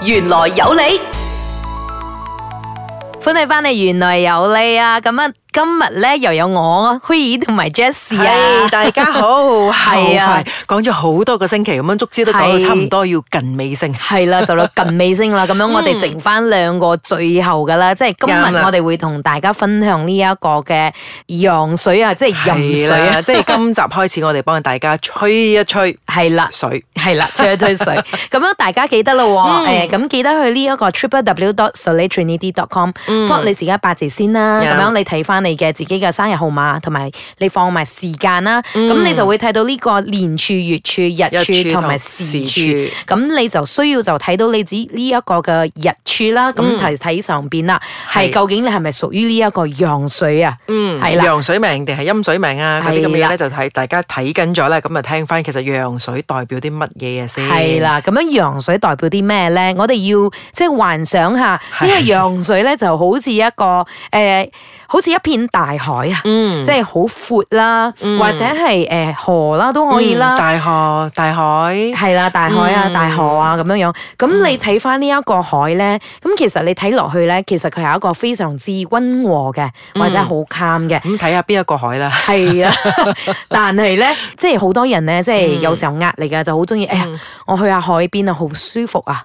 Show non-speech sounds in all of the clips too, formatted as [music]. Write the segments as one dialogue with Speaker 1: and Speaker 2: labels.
Speaker 1: 玄來有理，歡迎返嚟！玄來有理啊，咁啊。今日咧，又有我，Hui 同埋 Jessie 啊！大家好，係啊，
Speaker 2: 講咗好多個星期咁樣，足之都講到差唔多要近尾聲，係
Speaker 1: 啦，就到近尾聲啦。咁樣我哋剩翻兩個最後噶啦，即係今日我哋會同大家分享呢一個嘅羊水啊，即係羊水啊，即係今
Speaker 2: 集開始我哋幫大家吹一吹，係啦水，係啦吹一吹水。咁樣大
Speaker 1: 家記得啦，誒咁記得去呢一個 triplew s o l i t a i n d c o m 打你自己八字先啦，咁樣你睇翻你嘅自己嘅生日號碼，同埋你放埋時間啦，咁、嗯、你就會睇到呢個年柱、月柱、日柱同埋時柱。咁、嗯、你就需要就睇到你自己呢一個嘅日柱啦。咁睇睇上邊啦，係是究竟你係咪屬於呢一個陽水，陰水名啊？嗯，係啦，陽
Speaker 2: 水命定係陰水命啊？嗰啲咁嘅咧就睇大家睇緊咗啦。咁啊，聽翻其實陽水代表啲乜嘢嘢先係啦？
Speaker 1: 咁樣陽水代表啲咩咧？我哋要即係、就是、幻想下呢個陽水咧，就好似一個誒。欸好似一片大海啊，即係好闊啦，或者係誒河啦都可以啦。大河、大海係啦，大海啊，大河啊咁樣樣。咁你睇翻呢一個海咧，咁其實你睇落去咧，其實佢係一個非常之溫和嘅，或者好 calm 嘅。咁睇下邊一個海啦。係啊，但係咧，即係好多人咧，即係有時候壓力噶，就好中意，哎呀，我去下海邊啊，好舒服啊。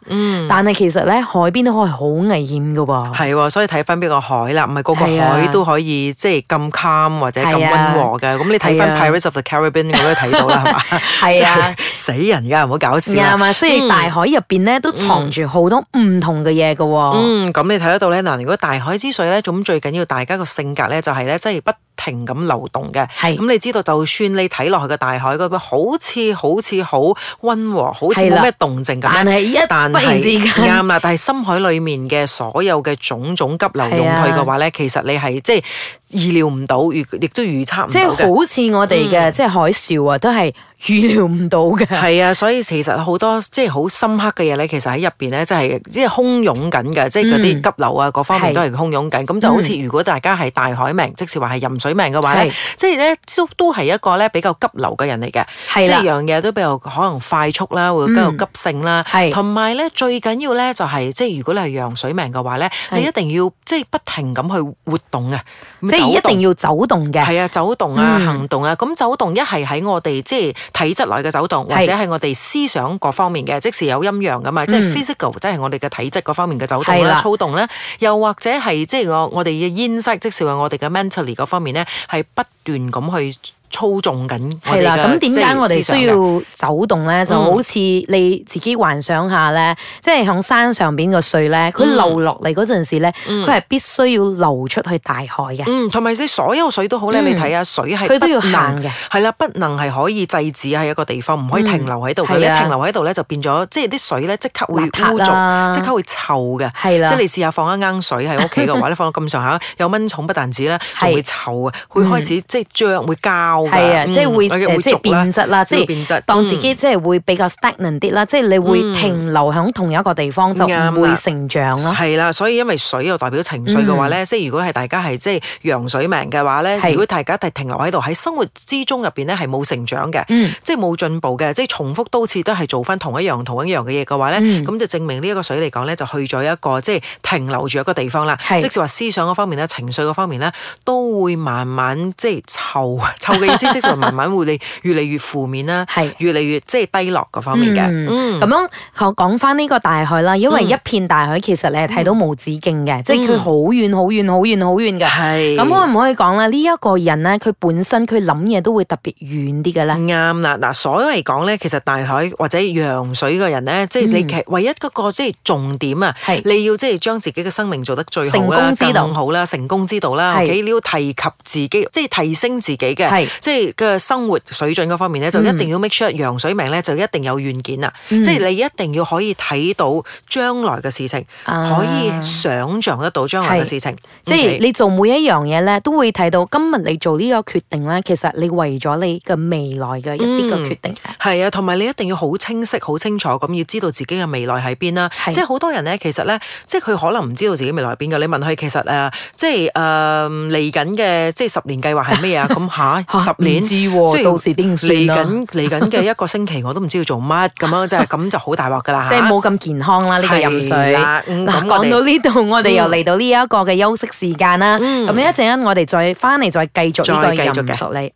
Speaker 1: 但係其實咧，海邊都可係好危險噶喎。
Speaker 2: 係喎，所以睇翻邊個海啦，唔係嗰個海。都可以即係咁 calm 或者咁溫和嘅，咁、啊、你睇翻《Pirates of the Caribbean》我都睇到啦，係嘛？係啊，死人㗎，唔好搞笑啦。係嘛？即
Speaker 1: 係大海入邊咧，嗯、都藏住好多唔同嘅嘢嘅喎。嗯，
Speaker 2: 咁你睇得到咧？嗱，如果大海之水咧，咁最緊要大家個性格咧、就係，就係咧，即係不平咁流動嘅，咁是、嗯、你知道就算你睇落去個大海，嗰個好似好似好溫和，好似冇咩動靜咁樣，但係一但係啱啦，但係深海裡面嘅所有嘅種種急流湧退嘅話咧，的其實你係即係。就是預料唔到，預亦都預測唔到。即係好似我哋嘅，即係海嘯啊，都係預料唔到嘅。係啊，所以其實好多即係好深刻嘅嘢咧，其實喺入邊咧，即係即係洶湧緊嘅，即係嗰啲急流啊，各方面都係洶湧緊。咁就好似如果大家係大海命，即係話係壬水命嘅話咧，即係咧都都係一個咧比較急流嘅人嚟嘅。係啦，即係樣嘢都比較可能快速啦，會比較急性啦。係同埋咧，最緊要咧就係即係如果你係陽水命嘅話咧，你一定要即係不停咁去活動啊。即一定要走動嘅。係啊，走動啊，行動啊，咁、嗯、走動一係喺我哋即係體質內嘅走動，是或者係我哋思想各方面嘅，即時有陰陽噶嘛，嗯、即係 physical，即係我哋嘅體質各方面嘅走動啦、啊、躁、啊、動咧，又或者係即係我我哋嘅 insight 即時話我哋嘅 mentally 嗰方面咧係不。段咁去操縱緊係啦。咁點解我哋需要
Speaker 1: 走動咧？就好似你自己幻想下咧，即係響山上邊個水咧，佢流落嚟嗰陣時咧，佢係必須要流出去大海嘅。
Speaker 2: 同埋你所有水都好咧。你睇下水係佢都要行嘅。係啦，不能係可以制止喺一個地方，唔可以停留喺度嘅。停留喺度咧，就變咗即係啲水咧，即刻會污濁，即刻會臭嘅。即係你試下放一啱水喺屋企嘅話咧，放到咁上下，有蚊蟲不但止啦，仲會臭啊，會開始。即係著會膠㗎，係啊！即係會誒，即係變質啦，即係變質。當自己
Speaker 1: 即係會比較 stagnant 啲啦，即係你會停留喺同一個地方，就唔會成長咯。係
Speaker 2: 啦，所以因為水又代表情緒嘅話咧，即係如果係大家係即係陽水命嘅話咧，如果大家係停留喺度喺生活之中入邊咧，係冇成長嘅，即係冇進步嘅，即係重複多次都係做翻同一樣同一樣嘅嘢嘅話咧，咁就證明呢一個水嚟講咧，就去咗一個即係停留住一個地方啦。即係話思想嗰方面咧、情緒嗰方面咧都會慢慢即係。臭啊！臭嘅意思即係慢慢會你越嚟越負面啦，係 [laughs] 是越嚟越即係、就是、低落嗰方面嘅。咁、
Speaker 1: 嗯嗯、樣我講翻呢個大海啦，因為一片大海其實你係睇到無止境嘅，嗯、即係佢好遠好遠好遠好遠嘅。係，咁是可唔可以講咧？呢、這、一個人咧，佢本身佢諗嘢都會特別遠
Speaker 2: 啲嘅咧。啱啦、嗯，嗱、嗯，所謂講咧，其實大海或者陽水嘅人咧，即、就、係、是、你唯一嗰個即係重點啊，係、嗯、是你要即係將自己嘅生命做得最好啦，更好啦，成功之道啦是、okay? 你要提及自己，即係提。提升自己嘅，是即係嘅生活水準嗰方面咧，就一定要 make sure 羊水名咧，就一定有遠見啦。即係你一定要可以睇到將來嘅事情，可以想象得到將來嘅事情。即係
Speaker 1: 你做每一樣嘢咧，都會睇到今日你做呢個決定咧，其實你為咗你嘅
Speaker 2: 未來嘅一啲嘅決定。係啊，同埋你一定要好清晰、好清楚咁，要知道自己嘅未來喺邊啦。即係好多人咧，其實咧，即係佢可能唔知道自己未來喺邊嘅。你問佢，其實誒即係誒嚟緊嘅即係十年計劃係。就是 uh mm, 咩 [laughs] 啊？咁吓十年，唔知、啊、雖然 到時點算啦？嚟緊嚟緊嘅一個星期，我都唔知要做乜咁 [laughs] 樣，即係咁就好大鑊噶啦，即係冇咁健康啦呢 [laughs] 個飲水。係啦，嗯、講到
Speaker 1: 呢度，嗯、我哋又嚟到呢一個嘅休息時間啦。咁、嗯、一陣間我哋再翻嚟再繼續呢個飲水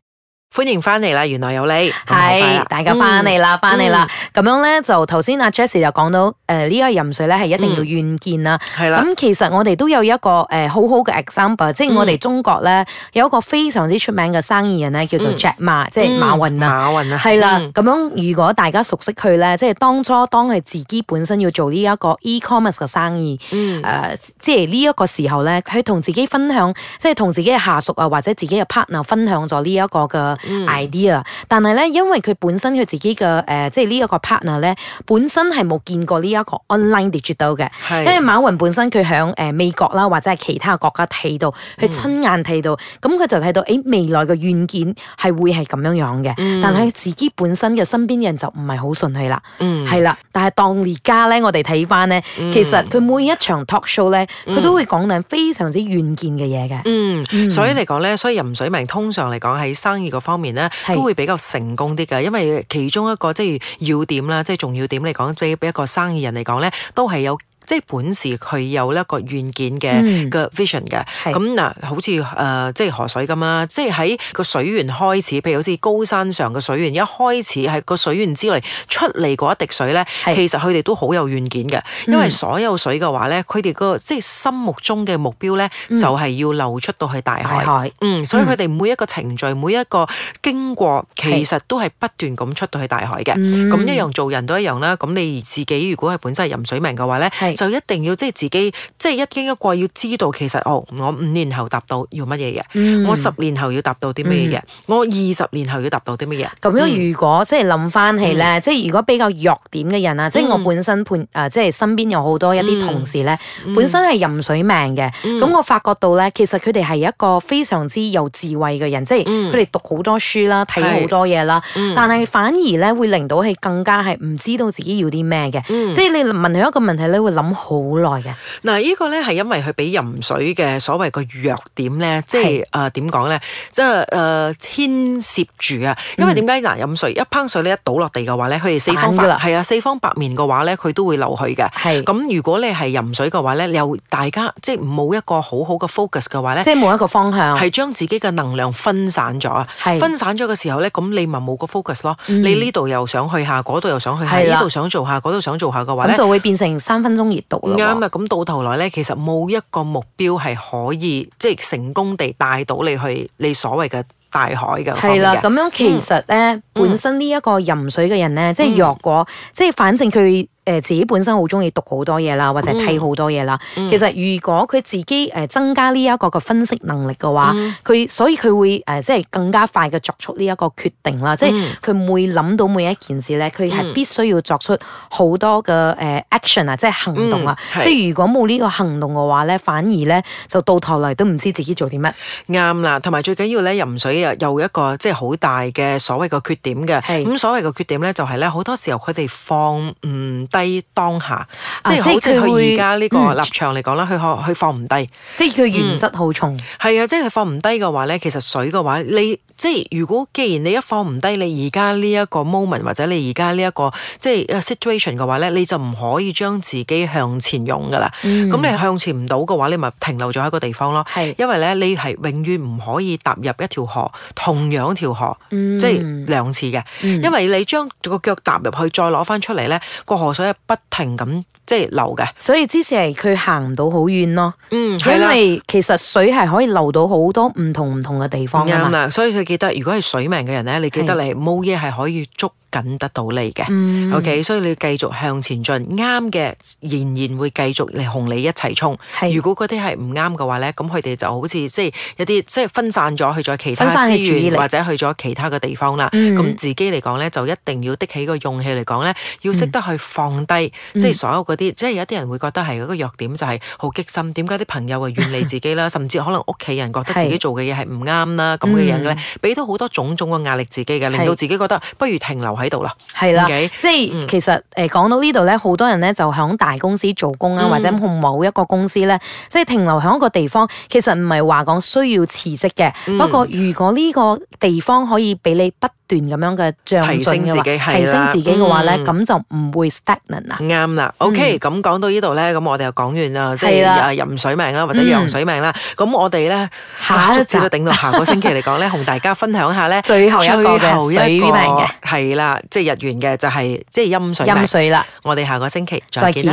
Speaker 2: 歡迎翻嚟啦！原來有你，係大家翻嚟啦，翻嚟啦！
Speaker 1: 咁樣咧，就頭先阿 Jessie 又講到，誒，呢個飲水咧係一定要遠見啦。係啦，咁其實我哋都有一個誒好好嘅 example，即係我哋中國咧有一個非常之出名嘅生意人咧，叫做 Jack Ma，即係馬雲啦。馬雲啦，係啦。咁樣如果大家熟悉佢咧，即係當初當佢自己本身要做呢一個 e-commerce 嘅生意，誒，即係呢一個時候咧，佢同自己分享，即係同自己嘅下屬啊，或者自己嘅 partner 分享咗呢一個嘅。idea，、嗯、但係咧，因為佢本身佢自己嘅誒、呃、即係呢一個 partner 咧，本身係冇見過呢一個 online digital 嘅。的因為馬雲本身佢響誒美國啦，或者係其他國家睇、嗯、到，佢親眼睇到，咁佢就睇到誒未來嘅遠見係會係咁樣樣嘅。嗯、但係佢自己本身嘅身邊嘅人就唔係好順氣啦。係啦、嗯。但係當而家咧，我哋睇翻咧，其實佢每一場 talk show 咧，佢都會講到非常之遠見嘅嘢嘅。
Speaker 2: 嗯，所以嚟講咧，所以任水明通常嚟講喺生意個。方面咧都會比較成功啲嘅，因為其中一個即係要點啦，即係重要點嚟講，即係俾一個生意人嚟講咧，都係有。即係本時佢有一個軟件嘅嘅 vision 嘅、嗯，咁嗱好似誒、呃、即係河水咁啦，即係喺個水源開始，譬如好似高山上嘅水源一開始係個水源之內出嚟嗰一滴水咧，是其實佢哋都好有軟件嘅，因為所有水嘅話咧，佢哋個即係心目中嘅目標咧，就係要流出到去大海，嗯、大海、嗯，所以佢哋每一個程序、嗯、每一個經過，其實都係不斷咁出到去大海嘅，咁是一樣做人都一樣啦，咁你自己如果係本身係飲水命嘅話咧。就一定要即係自己，即係一經一過，要知道其實哦，我五年後答到要乜嘢嘅，我十年後要答到啲乜嘢嘅，我二十年後要答到啲乜嘢？咁樣如
Speaker 1: 果即係諗翻起咧，即係如果比較弱點嘅人啊，即係我本身判啊，即係身邊有好多一啲同事咧，本身係壬水命嘅，咁我發覺到咧，其實佢哋係一個非常之有智慧嘅人，即係佢哋讀好多書啦，睇好多嘢啦，但係反而咧會令到佢更加係唔知道自己要啲咩嘅，即係你問佢一個問題，你會諗。好耐
Speaker 2: 嘅嗱，呢個咧係因為佢俾飲水嘅所謂個弱點咧，即係誒點講咧，即係誒牽涉住啊。因為點解嗱，飲水一盆水咧一倒落地嘅話咧，佢哋四方係啊，四方八面嘅話咧，佢都會流去嘅。咁，如果你係飲水嘅話咧，又大家即係冇一個好好嘅 focus 嘅話咧，即係冇一
Speaker 1: 個方向，係
Speaker 2: 將自己嘅能量分散咗，係分散咗嘅時候咧，咁你咪冇個 focus 咯。你呢度又想去下，嗰度又想去下，呢度想做下，嗰度想做下嘅話咧，就
Speaker 1: 會變成三分鐘。
Speaker 2: 啱啊！咁到頭來咧，其實冇一個目標係可以即係成功地帶到你去你所謂嘅大海嘅環境。係啦，咁樣其實
Speaker 1: 咧，嗯、本身呢一個飲水嘅人咧，嗯、即係若果即係反正佢。誒自己本身好中意讀好多嘢啦，或者睇好多嘢啦。嗯、其實如果佢自己誒增加呢一個嘅分析能力嘅話，佢、嗯、所以佢會誒即係更加快嘅作出呢一個決定啦。嗯、即係佢每會諗到每一件事咧，佢係必須要作出好多嘅誒、呃、action 啊，即係行動啦。即係、嗯、如果冇呢個行動嘅話咧，反而咧就到頭嚟都唔
Speaker 2: 知自己做啲乜。啱啦，同埋最緊要咧，飲水啊又一個即係好大嘅所謂嘅缺點嘅。咁是所謂嘅缺點咧，就係，就係咧好多時候佢哋放唔、嗯低當下，即係好似佢而家呢個立場嚟講啦，佢可佢放唔低、嗯，即係佢原則好重。係啊，即係佢放唔低嘅話咧，其實水嘅話，你即係如果既然你一放唔低，你而家呢一個 moment 或者你而家呢一個即係 situation 嘅話咧，你就唔可以將自己向前湧噶啦。咁、嗯、你向前唔到嘅話，你咪停留咗一個地方咯。係的，因為咧，你係永遠唔可以踏入一條河同樣條河，嗯、即係兩次嘅，嗯、因為你將個腳踏入去再攞翻出嚟咧，個河水。不停咁即係流嘅，所以之前係佢行唔
Speaker 1: 到好遠咯。嗯，因為其實水係可以流到好多唔同唔同嘅地方啊嘛。
Speaker 2: 所以佢記得，如果係水命嘅人咧，你記得你冇嘢係可以捉緊得到你嘅，OK，所以你要繼續向前進，啱嘅仍然會繼續嚟同你一齊衝。如果嗰啲係唔啱嘅話咧，咁佢哋就好似即係有啲即係分散咗去咗其他資源，或者去咗其他嘅地方啦。咁自己嚟講咧，就一定要的起個勇氣嚟講咧，要識得去放低，即係所有嗰啲，即係有啲人會覺得係嗰個弱點就係好激心。點解啲朋友會遠離自己啦，甚至可能屋企人覺得自己做嘅嘢係唔啱啦咁嘅樣咧，俾到好多種種嘅壓力自己嘅，令到自己覺得不如停留。喺度啦，係啦，即
Speaker 1: 係其實誒，講、呃、到呢度咧，好多人咧就響大公司做工啊，或者某一個公司咧，嗯、即係停留響一個地方，其實唔係話講需要辭職嘅。嗯、不過如果呢個地方可以俾你不。段咁樣嘅，提升自己，提升自己嘅話咧，咁就唔會 stagnant 啦。
Speaker 2: 啱啦，OK，咁講到呢度咧，咁我哋又講完啦，即係壬水命啦，或者陽水命啦。咁我哋咧，下一次都頂到下個星期嚟講咧，同大家分享下咧，最後一個嘅水命嘅，係啦，即係日元嘅，就係即係陰水命。陰水啦，我哋下個星期再見。